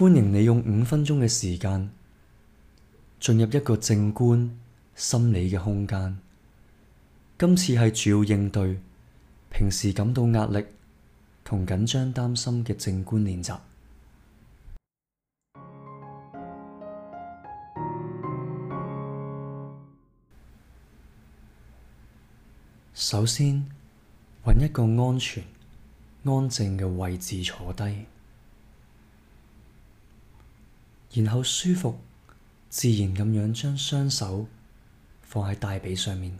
歡迎你用五分鐘嘅時間進入一個靜觀心理嘅空間。今次係主要應對平時感到壓力同緊張、擔心嘅靜觀練習。首先，搵一個安全、安靜嘅位置坐低。然後舒服、自然咁樣將雙手放喺大髀上面。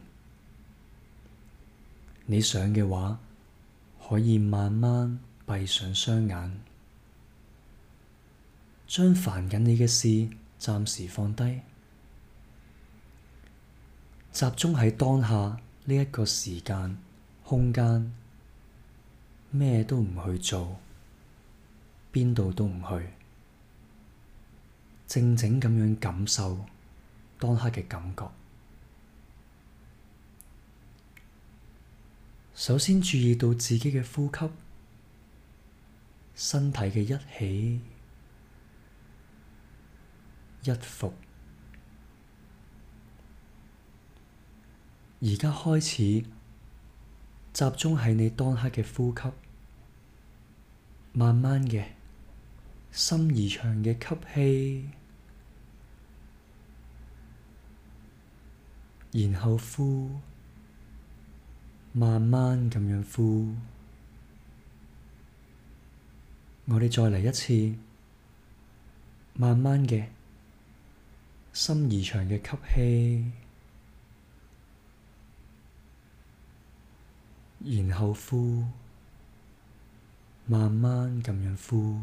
你想嘅話，可以慢慢閉上雙眼，將煩緊你嘅事暫時放低，集中喺當下呢一個時間、空間，咩都唔去做，邊度都唔去。靜靜咁樣感受當刻嘅感覺。首先注意到自己嘅呼吸、身體嘅一起一伏。而家開始集中喺你當刻嘅呼吸，慢慢嘅深而長嘅吸氣。然後呼，慢慢咁樣呼。我哋再嚟一次，慢慢嘅深而長嘅吸氣，然後呼，慢慢咁樣呼。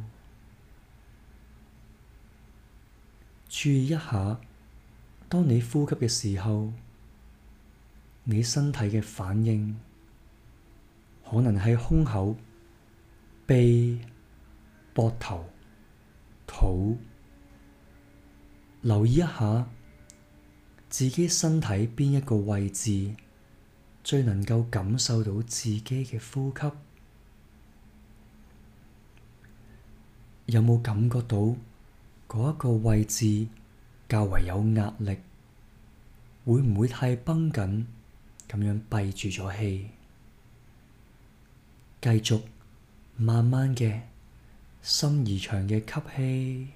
注意一下，當你呼吸嘅時候。你身體嘅反應可能係胸口、鼻、膊頭、肚，留意一下自己身體邊一個位置最能夠感受到自己嘅呼吸，有冇感覺到嗰一個位置較為有壓力，會唔會太繃緊？咁樣閉住咗氣，繼續慢慢嘅深而長嘅吸氣，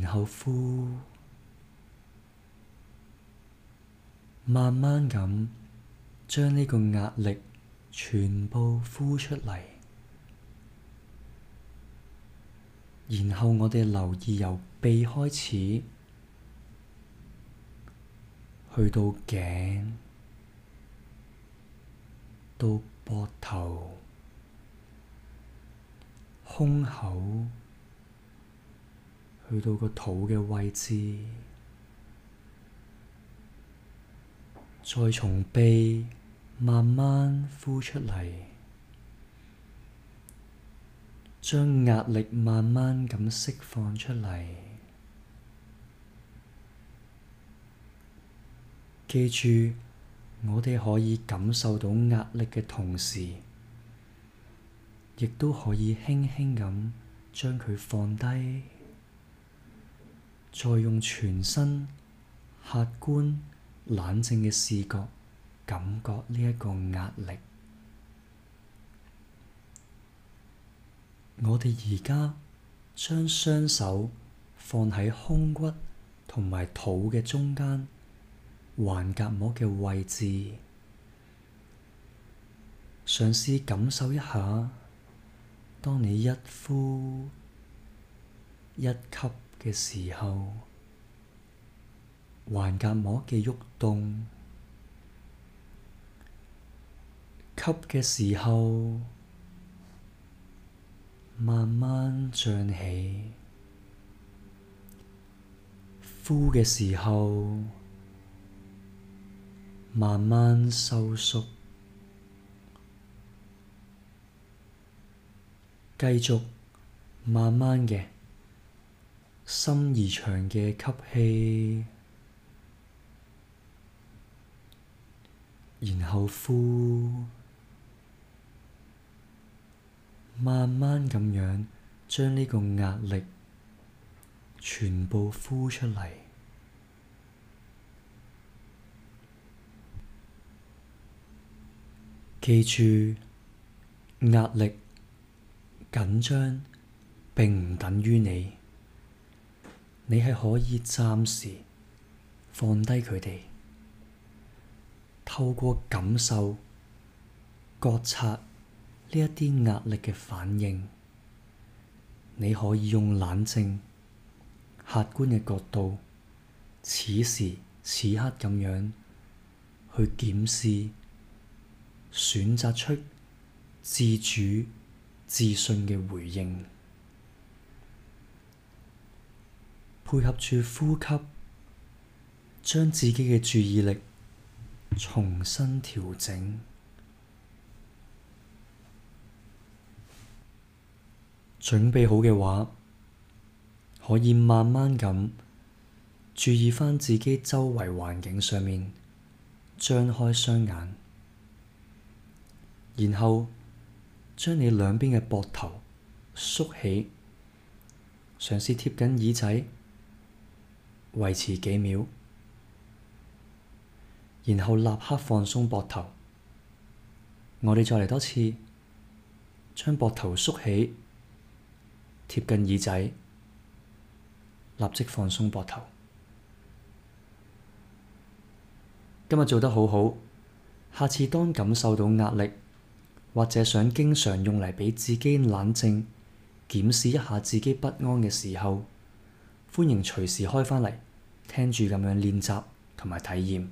然後呼，慢慢咁將呢個壓力全部呼出嚟，然後我哋留意由鼻開始。去到頸，到膊頭，胸口，去到個肚嘅位置，再從鼻慢慢呼出嚟，將壓力慢慢咁釋放出嚟。記住，我哋可以感受到壓力嘅同時，亦都可以輕輕咁將佢放低，再用全身客觀冷靜嘅視覺感覺呢一個壓力。我哋而家將雙手放喺胸骨同埋肚嘅中間。橫膈膜嘅位置，嘗試感受一下。當你一呼一吸嘅時候，橫膈膜嘅喐動，吸嘅時候慢慢脹起，呼嘅時候。慢慢收縮，繼續慢慢嘅深而長嘅吸氣，然後呼，慢慢咁樣將呢個壓力全部呼出嚟。記住，壓力緊張並唔等於你。你係可以暫時放低佢哋，透過感受、覺察呢一啲壓力嘅反應，你可以用冷靜、客觀嘅角度，此時此刻咁樣去檢視。選擇出自主、自信嘅回應，配合住呼吸，將自己嘅注意力重新調整。準備好嘅話，可以慢慢噉注意返自己周圍環境上面，張開雙眼。然後將你兩邊嘅膊頭縮起，嘗試貼緊耳仔，維持幾秒，然後立刻放鬆膊頭。我哋再嚟多次，將膊頭縮起，貼緊耳仔，立即放鬆膊頭。今日做得好好，下次當感受到壓力，或者想經常用嚟，畀自己冷靜檢視一下自己不安嘅時候，歡迎隨時開翻嚟聽住咁樣練習同埋體驗。